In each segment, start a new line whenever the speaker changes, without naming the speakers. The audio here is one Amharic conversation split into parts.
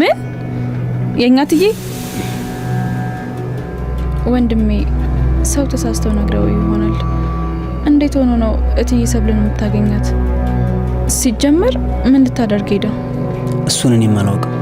ምን የእኛ ትዬ ወንድሜ ሰው ተሳስተው ነግረው ይሆናል። እንዴት ሆኖ ነው እትዬ ሰብልን የምታገኛት? ሲጀመር ምን ልታደርግ ሄዳ? እሱን እኔም አላውቅም፣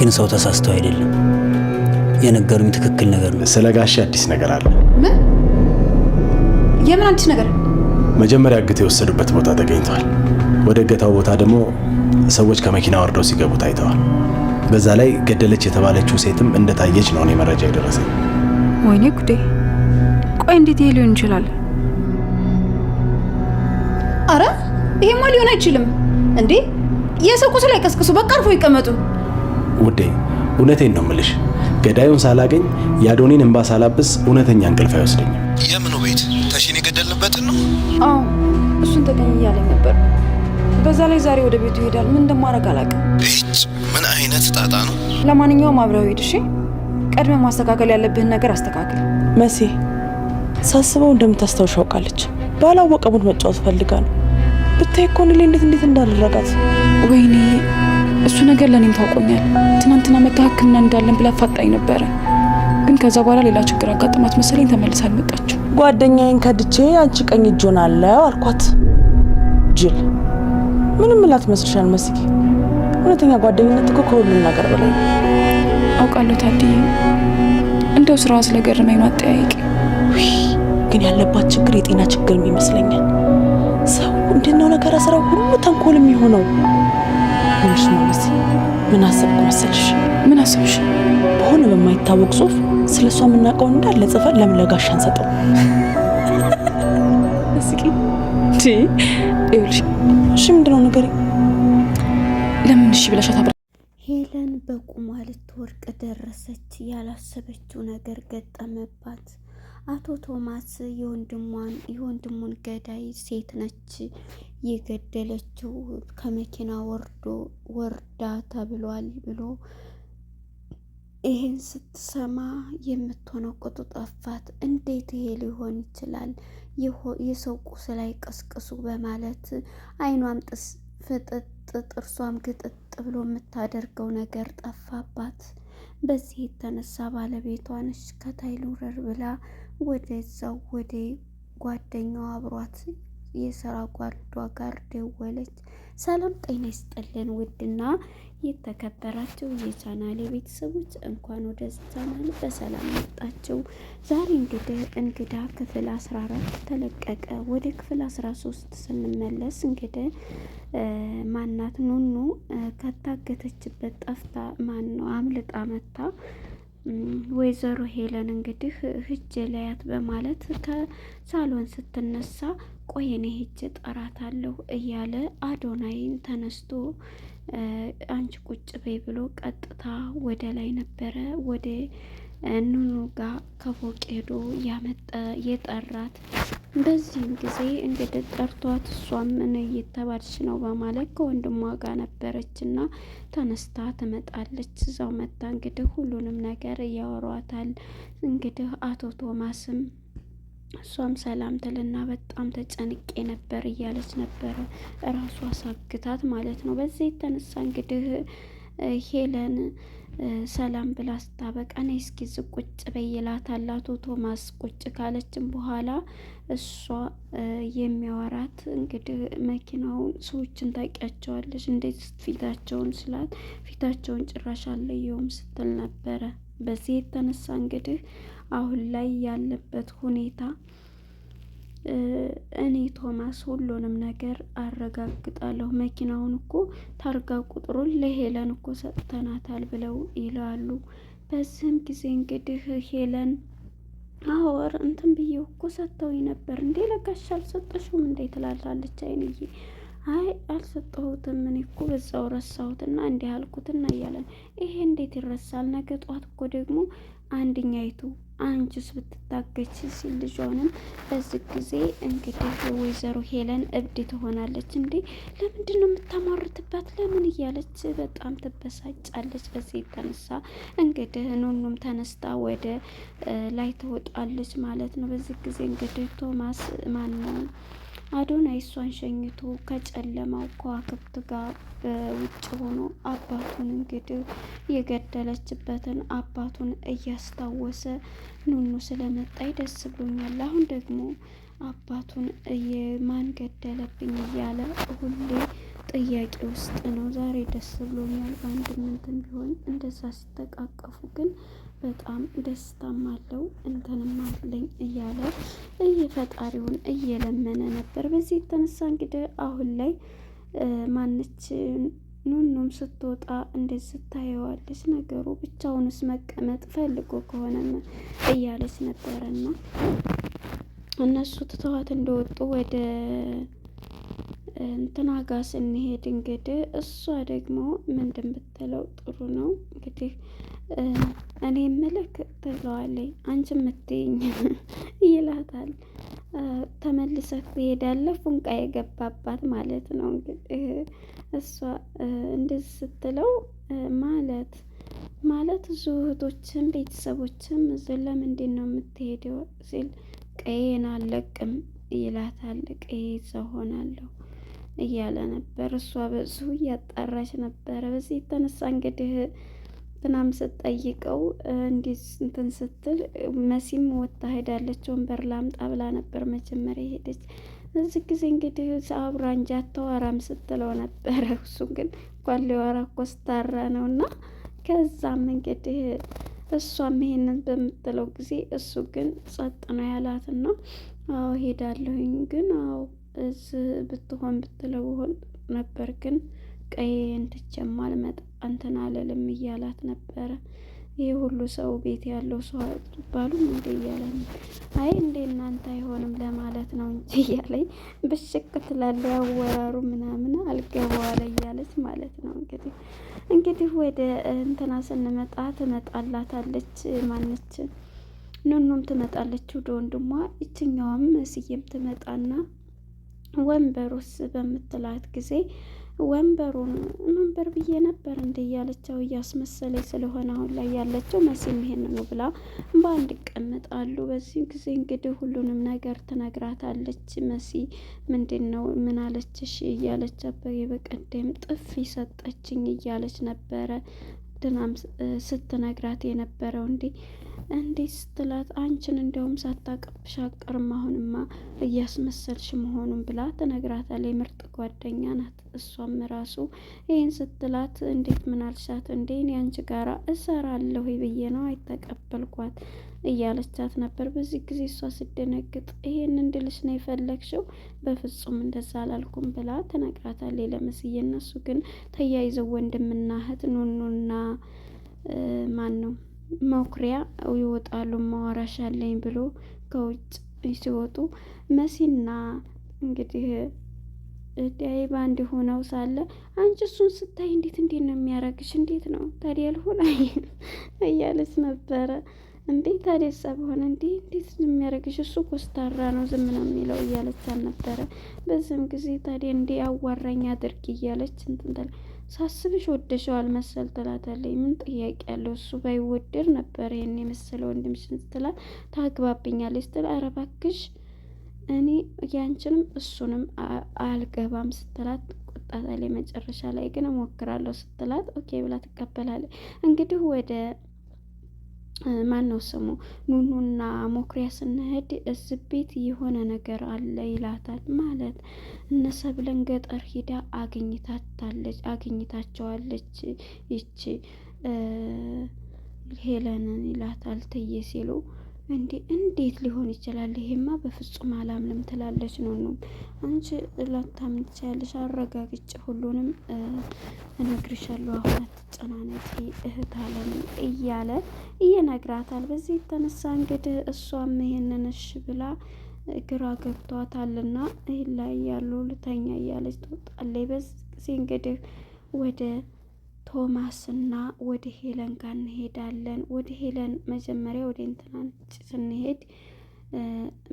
ግን ሰው ተሳስተው አይደለም የነገሩኝ ትክክል ነገር ነው። ስለ ጋሼ አዲስ ነገር አለ። ምን? የምን አዲስ ነገር? መጀመሪያ እግት የወሰዱበት ቦታ ተገኝቷል? ወደ እገታው ቦታ ደግሞ ሰዎች ከመኪና ወርደው ሲገቡ ታይተዋል። በዛ ላይ ገደለች የተባለችው ሴትም እንደታየች ነው እኔ መረጃ የደረሰኝ። ወይኔ ጉዴ! ቆይ እንዴት ይሄ ሊሆን ይችላል? አረ ይሄማ ሊሆን አይችልም እንዴ! የሰው ቁስል አይቀስቅሱ፣ በቃ አርፎ ይቀመጡ። ውዴ፣ እውነቴን ነው ምልሽ፣ ገዳዩን ሳላገኝ የአዶኒን እንባ ሳላብስ እውነተኛ እንቅልፍ አይወስደኝም። የምኑ ቤት ተሽን የገደልንበትን ነው? አዎ እሱን ተገኝ እያለኝ በዛ ላይ ዛሬ ወደ ቤቱ ይሄዳል። ምን እንደማደርግ አላውቅም። ምን አይነት ጣጣ ነው? ለማንኛውም አብረው ሂድ እሺ። ቀድመ ማስተካከል ያለብህን ነገር አስተካክል። መሲ ሳስበው እንደምታስታውሽ አውቃለች። ባላወቀ ሙድ መጫወት ፈልጋ ነው። ብታይ እኮ እኔ እንዴት እንዴት እንዳደረጋት ወይኔ እሱ ነገር ለእኔም ታውቆኛል። ትናንትና መታ ህክምና እንዳለን ብላ ፋጣኝ ነበረ፣ ግን ከዛ በኋላ ሌላ ችግር አጋጥማት መሰለኝ ተመልሳ አልመጣችው። ጓደኛዬን ከድቼ አንቺ ቀኝ እጆን አለው አልኳት ጅል ምንም ላት መስልሻል መስኪ። እውነተኛ ጓደኝነት እኮ ከሁሉም ነገር በላይ አውቃለሁ ታዲያ እንደው ስራዋ ስለገረመኝ ነው አጠያየቅ። ግን ያለባት ችግር የጤና ችግርም ይመስለኛል። ሰው እንደናው ነገር ስራው ሁሉ ተንኮልም የሆነው ምንሽ ነው መሲ? ምን አሰብኩ መሰልሽ? ምን አሰብሽ? በሆነ በማይታወቅ ጽሁፍ ስለ እሷ የምናውቀውን እንዳለ ጽፈን ለምን ለጋሻ አንሰጠው? ይኸውልሽ፣ እሺ፣ ምንድን ነው ንገሪኝ። ለምን እሺ ብለሻት? አብራ ሄለን በቁማ ልትወርቅ ደረሰች። ያላሰበችው ነገር ገጠመባት። አቶ ቶማስ የወንድሟን የወንድሙን ገዳይ ሴት ነች የገደለችው ከመኪና ወርዶ ወርዳ ተብሏል ብሎ ይህን ስትሰማ የምትሆነው ቁጡ ጠፋት። እንዴት ይሄ ሊሆን ይችላል? የሰው ቁስል አይቀስቅሱ በማለት አይኗም ፍጥጥ ጥርሷም ግጥጥ ብሎ የምታደርገው ነገር ጠፋባት። በዚህ የተነሳ ባለቤቷንሽ ከታይሉረር ብላ ወደዛው ወደ ጓደኛው አብሯት የስራ ጓዷ ጋር ደወለች። ሰላም ጤና ይስጥልን ውድና የተከበራችሁ የቻናሌ ቤተሰቦች እንኳን ወደ ቻናል በሰላም መጣችሁ። ዛሬ እንግዲህ እንግዳ ክፍል 14 ተለቀቀ። ወደ ክፍል 13 ስንመለስ እንግዲህ ማናት ኑኑ ከታገተችበት ጠፍታ ማን ነው አምልጣ መታ ወይዘሮ ሄለን እንግዲህ ህጅ ላያት በማለት ከሳሎን ስትነሳ ቆይ እኔ ጠራት ጠራታለሁ እያለ አዶናይን ተነስቶ አንቺ ቁጭ በይ ብሎ ቀጥታ ወደ ላይ ነበረ ወደ ኑኑ ጋር ከፎቅ ሄዶ ያመጣ የጠራት። በዚህም ጊዜ እንግዲህ ጠርቷት እሷም ምን እየተባልሽ ነው በማለት ከወንድሟ ጋር ነበረች እና ተነስታ ትመጣለች። እዛው መታ እንግዲህ ሁሉንም ነገር እያወሯታል። እንግዲህ አቶ ቶማስም እሷም ሰላም ትልና በጣም ተጨንቄ ነበር እያለች ነበረ እራሷ ሳግታት ማለት ነው። በዚህ የተነሳ እንግዲህ ሄለን ሰላም ብላ ስታበቃ ነይ እስኪ ዝቅ ቁጭ በይ ይላታል። አቶ ቶማስ ቁጭ ካለችም በኋላ እሷ የሚያወራት እንግዲህ መኪናውን ሰዎችን ታውቂያቸዋለች፣ እንዴት ፊታቸውን ስላት ፊታቸውን ጭራሽ አለየውም ስትል ነበረ። በዚህ የተነሳ እንግዲህ አሁን ላይ ያለበት ሁኔታ እኔ ቶማስ ሁሉንም ነገር አረጋግጣለሁ። መኪናውን እኮ ታርጋ ቁጥሩን ለሄለን እኮ ሰጥተናታል ብለው ይላሉ። በዚህም ጊዜ እንግዲህ ሄለን አወር እንትን ብዬ እኮ ሰጥተው ነበር እንዴ ለጋሽ አልሰጠሽውም እንዴ ትላላለች። አይንዬ አይ አልሰጠሁትም እኔ እኮ በዛው ረሳሁትና እንዲህ አልኩትና እያለን ይሄ እንዴት ይረሳል? ነገ ጧት እኮ ደግሞ አንድኛይቱ አንቺስ ብትታገች ሲል ልጇንም በዚህ ጊዜ እንግዲህ ወይዘሮ ሄለን እብድ ትሆናለች። እንዴ ለምንድን ነው የምታሟርትባት? ለምን እያለች በጣም ትበሳጫለች። በዚህ የተነሳ እንግዲህ ኑኑም ተነስታ ወደ ላይ ትወጣለች ማለት ነው። በዚህ ጊዜ እንግዲህ ቶማስ ማን ነው አዶናይ እሷን ሸኝቶ ከጨለማው ከዋክብት ጋር በውጭ ሆኖ አባቱን እንግዲህ የገደለችበትን አባቱን እያስታወሰ ኑኑ ስለመጣይ ደስ ብሎኛል። አሁን ደግሞ አባቱን የማን ገደለብኝ እያለ ሁሌ ጥያቄ ውስጥ ነው። ዛሬ ደስ ብሎኛል። በአንድ ምንትን ቢሆን እንደዛ ሲተቃቀፉ ግን በጣም ደስታም አለው እንትንም አለኝ እያለ እየፈጣሪውን እየለመነ ነበር። በዚህ የተነሳ እንግዲህ አሁን ላይ ማነች ኑኑም ስትወጣ እንዴት ስታየዋለች፣ ነገሩ ብቻውንስ መቀመጥ ፈልጎ ከሆነ እያለች ነበረና እነሱ ትተዋት እንደወጡ ወደ እንትና ጋ ስንሄድ እንግዲህ እሷ ደግሞ ምንድን ብትለው ጥሩ ነው እንግዲህ እኔ ምልክ ትለዋለች። አንቺ ምትኝ ይላታል። ተመልሰህ ትሄዳለህ። ፉንቃ የገባባት ማለት ነው እንግዲህ እሷ እንደዚህ ስትለው ማለት ማለት እዙ እህቶችም ቤተሰቦችን እዙ ለምንድን ነው የምትሄደው ሲል ቀዬን አለቅም ይላታል። ቀዬ እዛ ሆናለሁ እያለ ነበር። እሷ በሱ እያጣራች ነበረ። በዚህ የተነሳ እንግዲህ ትናም ስትጠይቀው እንዲህ እንትን ስትል መሲም ወታ ሄዳለች። ወንበር ላምጣ ብላ ነበር መጀመሪያ ሄደች። እዚህ ጊዜ እንግዲህ አብራ እንጂ አታወራም ስትለው ነበረ። እሱ ግን እንኳን ሊወራ ኮስታራ ነው እና ከዛም እንግዲህ እሷም ይሄንን በምትለው ጊዜ እሱ ግን ጸጥ ነው ያላትና አዎ ሄዳለሁኝ ግን አዎ ወዝ ብትሆን ብትለውል ነበር ግን ቀዬ እንድቸም አልመጣ እንትን አልልም እያላት ነበረ። ይህ ሁሉ ሰው ቤት ያለው ሰው ባሉም እንዴ እያለኝ አይ እንዴ እናንተ አይሆንም ለማለት ነው እንጂ እያለኝ ብሽቅ ትላለ ያወራሩ ምናምን አልገባዋ ላይ እያለች ማለት ነው። እንግዲህ እንግዲህ ወደ እንትና ስንመጣ ትመጣላታለች ማነች ኑኑም ትመጣለች ወደ ወንድሟ፣ ይችኛዋም ስዬም ትመጣና ወንበሩስ በምትላት ጊዜ ወንበሩን ወንበር ብዬ ነበር እንደ እያለቻው እያስመሰለኝ ስለሆነ አሁን ላይ ያለችው መሲም ይሄንኑ ብላ በአንድ ይቀመጣሉ። በዚህ ጊዜ እንግዲህ ሁሉንም ነገር ትነግራታለች። መሲ ምንድን ነው ምን አለችሽ እያለች አበሬ የበቀደም ጥፊ ሰጠችኝ እያለች ነበረ ድናም ስትነግራት የነበረው እንዲህ እንዴት ስትላት አንቺን እንደውም ሳታቀብሽ አቀርም አሁንማ እያስመሰልሽ መሆኑን ብላ ተነግራታለች። ምርጥ ጓደኛ ናት። እሷም ራሱ ይህን ስትላት እንዴት ምናልሻት እንዴ እኔ አንቺ ጋራ እሰራለሁ ብዬ ነው አይተቀበልኳት እያለቻት ነበር። በዚህ ጊዜ እሷ ስደነግጥ ይሄን እንድልሽ ነው የፈለግሽው? በፍጹም እንደዛ አላልኩም ብላ ተነግራታለች ለመስዬ። እነሱ ግን ተያይዘው ወንድምና እህት ኑኑና ማን ነው መኩሪያ ይወጣሉ። ማዋራሻ አለኝ ብሎ ከውጭ ሲወጡ መሲና እንግዲህ ዳይ ባንድ ሆነው ሳለ አንቺ እሱን ስታይ እንዴት እንዴት ነው የሚያረግሽ? እንዴት ነው ታዲያ ልሆን እያለች ነበረ። እንዴ ታዲያ ጸብ በሆነ እንዴ እንዴት የሚያረግሽ? እሱ ኮስታራ ነው ዝም ነው የሚለው እያለች አልነበረ። በዚህም ጊዜ ታዲያ እንዴ አዋራኝ አድርግ እያለች እንትን ሳስብሽ ወደሸዋል መሰል ትላታለች። ምን ጥያቄ ያለው እሱ ባይወደድ ነበር ይህን የመሰለ ወንድምሽን ስትላት ታግባብኛለች ስትል ኧረ እባክሽ እኔ ያንቺንም እሱንም አልገባም ስትላት ቆጣታለች። መጨረሻ ላይ ግን እሞክራለሁ ስትላት ኦኬ ብላ ትቀበላለች። እንግዲህ ወደ ማን ነው ስሙ ኑኑና ሞክሪያ ስንሄድ እዚህ ቤት የሆነ ነገር አለ ይላታል። ማለት እነ ሰብለን ገጠር ሂዳ አግኝታታለች አግኝታቸዋለች ይቺ ሄለንን ይላታል ትዬ ሲሉ እንዴ እንዴት ሊሆን ይችላል? ይሄማ በፍጹም አላምንም ትላለች። ኑኑ አንቺ ላታምን ትችያለሽ፣ አረጋግጭ ሁሉንም እነግርሻለሁ፣ አሁን አትጨናነቂ እህት አለም እያለ እየነግራታል። በዚህ የተነሳ እንግዲህ እሷም ይሄንን እሺ ብላ ግራ ገብቷታልና ይህ ላይ ያሉ ልተኛ እያለች ትወጣለች። በዚህ እንግዲህ ወደ ቶማስና ወደ ሄለን ጋር እንሄዳለን። ወደ ሄለን መጀመሪያ ወደ እንትናንጭ ስንሄድ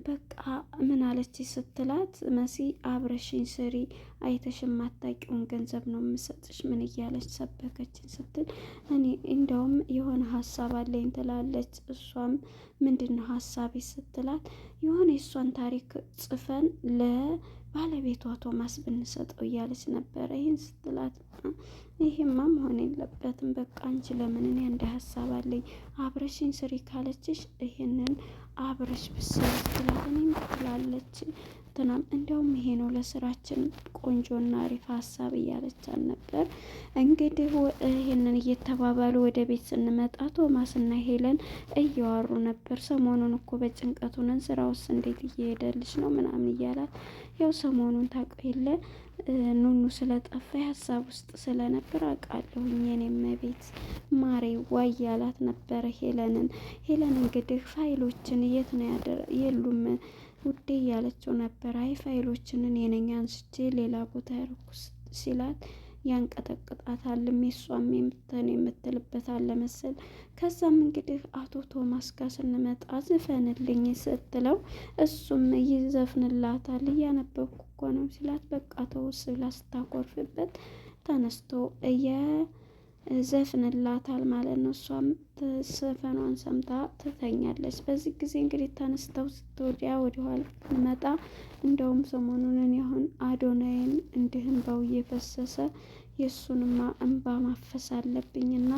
በቃ ምን አለች ስትላት፣ መሲ አብረሽኝ ስሪ አይተሽ ማታቂውን ገንዘብ ነው የምሰጥሽ፣ ምን እያለች ሰበከችን ስትል፣ እኔ እንደውም የሆነ ሀሳብ አለኝ ትላለች። እሷም ምንድን ነው ሀሳቤ ስትላት፣ የሆነ የእሷን ታሪክ ጽፈን ለ ባለቤቷ ቶማስ ብንሰጠው እያለች ነበረ። ይህን ስትላት ይህማ መሆን የለበትም በቃ አንቺ ለምን እኔ እንደ ሀሳብ አለኝ አብረሽኝ ስሪ ካለችሽ ይህንን አብረሽ ብሰ ስትላት ትላለች አትፈትናም። እንዲያውም ይሄ ነው ለስራችን ቆንጆና አሪፍ ሀሳብ እያለች ነበር። እንግዲህ ይህንን እየተባባሉ ወደ ቤት ስንመጣ ቶማስና ሄለን እያዋሩ ነበር። ሰሞኑን እኮ በጭንቀቱንን ስራ ውስጥ እንዴት እየሄደልሽ ነው ምናምን እያላት ያው ሰሞኑን ታውቀው የለ ኑኑ ስለጠፋ ሀሳብ ውስጥ ስለነበር አውቃለሁኝ የኔም ቤት ማሬ ዋይ ያላት ነበረ ሄለንን ሄለን እንግዲህ ፋይሎችን የት ነው ያደረ የሉም ውዴ እያለችው ነበር። አይ ፋይሎችንን የነኛ አንስቼ ሌላ ቦታ ያልኩስ ሲላት ያንቀጠቅጣታል። እሷም የምትሆን የምትልበታል ለመሰል። ከዛም እንግዲህ አቶ ቶማስ ጋር ስንመጣ ዝፈንልኝ ስትለው እሱም ይዘፍንላታል። እያነበብኩ እኮ ነው ሲላት በቃ ተውስ ብላ ስታኮርፍበት ተነስቶ እየ ዘፍንላታል ማለት ነው። እሷም ዘፈኗን ሰምታ ትተኛለች። በዚህ ጊዜ እንግዲህ ተነስተው ስትወዲያ ወደኋላ ብንመጣ እንደውም ሰሞኑን እኔ አሁን አዶናይን እንዲህ በው እየፈሰሰ የእሱንማ እንባ ማፈስ አለብኝና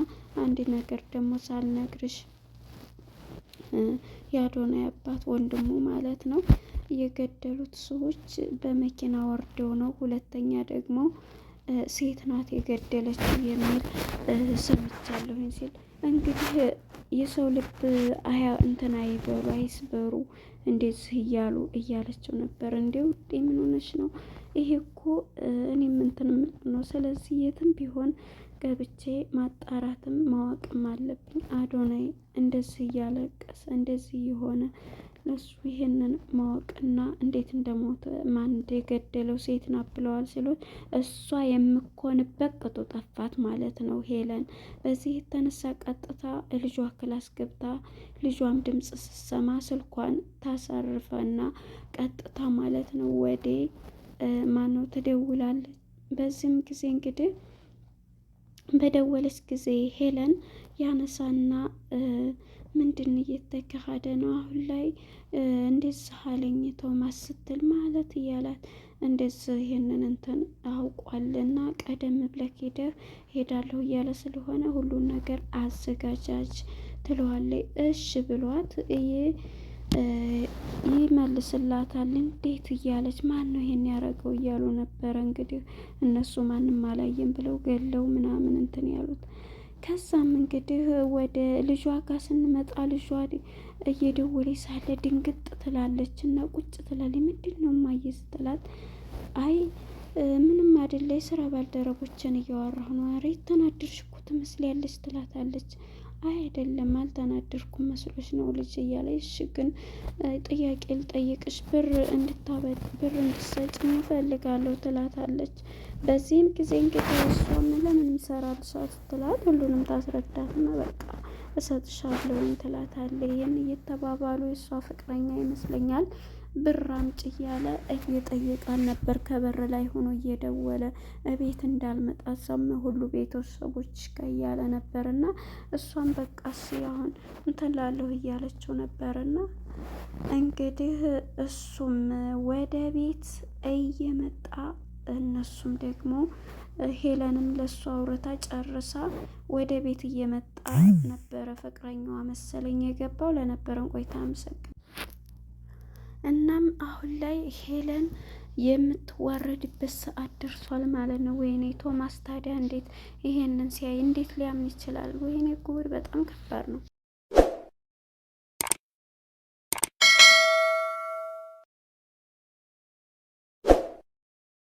አንድ ነገር ደግሞ ሳልነግርሽ የአዶናይ አባት ወንድሙ ማለት ነው የገደሉት ሰዎች በመኪና ወርደው ነው። ሁለተኛ ደግሞ ሴት ናት የገደለችው የሚል ሰምቻለሁኝ ሲል እንግዲህ የሰው ልብ አያ እንትና ይበሉ አይስበሩ እንደዚህ እያሉ እያለችው ነበር። እንዲው ምን ሆነች ነው ይሄ እኮ እኔም እንትን ነው። ስለዚህ የትም ቢሆን ገብቼ ማጣራትም ማወቅም አለብኝ። አዶናይ እንደዚህ እያለቀሰ እንደዚህ የሆነ እነሱ ይህንን ማወቅና እንዴት እንደሞተ ማን እንደገደለው ሴት ናት ብለዋል ሲሉት እሷ የምኮንበት ቅጡ ጠፋት ማለት ነው ሄለን። በዚህ የተነሳ ቀጥታ ልጇ ክላስ ገብታ ልጇም ድምፅ ስሰማ ስልኳን ታሳርፈና ቀጥታ ማለት ነው ወደ ማነው ትደውላለች። በዚህም ጊዜ እንግዲህ በደወለች ጊዜ ሄለን ያነሳና ምንድን እየተካሄደ ነው አሁን ላይ እንደዚህ አለኝ ቶማስ ስትል ማለት እያላት እንደዚህ ይህንን እንትን አውቋልና ቀደም ብለህ ሄደህ ሄዳለሁ እያለ ስለሆነ ሁሉን ነገር አዘጋጃጅ ትለዋለች። እሺ ብሏት እየ ይመልስላታል። እንዴት እያለች ማን ነው ይሄን ያደረገው እያሉ ነበረ እንግዲህ እነሱ ማንም አላየም ብለው ገለው ምናምን እንትን ያሉት ከዛም እንግዲህ ወደ ልጇ ጋር ስንመጣ ልጇ እየደወለች ሳለ ድንግጥ ትላለች እና ቁጭ ትላለች። ምንድን ነው እማዬ ስትላት አይ ምንም አይደለ የስራ ባልደረቦችን እያወራሁ ነው። ኧረ የተናደድሽ እኮ ያለች ትላታለች። አይ አይደለም አልተናደድኩም መስሎች ነው ልጅ እያለ እሺ፣ ግን ጥያቄ ልጠይቅሽ ብር እንድታበድ ብር እንድሰጭ እንፈልጋለሁ ትላታለች። በዚህም ጊዜ እንግዲህ እሷም ለምን ሰራልሻት ትላት፣ ሁሉንም ታስረዳትና በቃ እሰጥሻለሁ ትላታለች። ይህን እየተባባሉ እሷ ፍቅረኛ ይመስለኛል ብር አምጪ እያለ እየጠየቃን ነበር። ከበር ላይ ሆኖ እየደወለ ቤት እንዳልመጣ ሰም ሁሉ ቤተሰቦች ጋ እያለ ነበር እና እሷም በቃ ሲያሁን እንትን ላለሁ እያለችው ነበር እና እንግዲህ እሱም ወደ ቤት እየመጣ እነሱም ደግሞ ሄለንም ለእሱ አውርታ ጨርሳ ወደ ቤት እየመጣ ነበረ። ፍቅረኛዋ መሰለኝ የገባው። ለነበረን ቆይታ አመሰግናለሁ። እናም አሁን ላይ ሄለን የምትዋረድበት ሰዓት ደርሷል ማለት ነው። ወይኔ ቶማስ ታዲያ እንዴት ይሄንን ሲያይ እንዴት ሊያምን ይችላል? ወይኔ ጉድ፣ በጣም ከባድ ነው።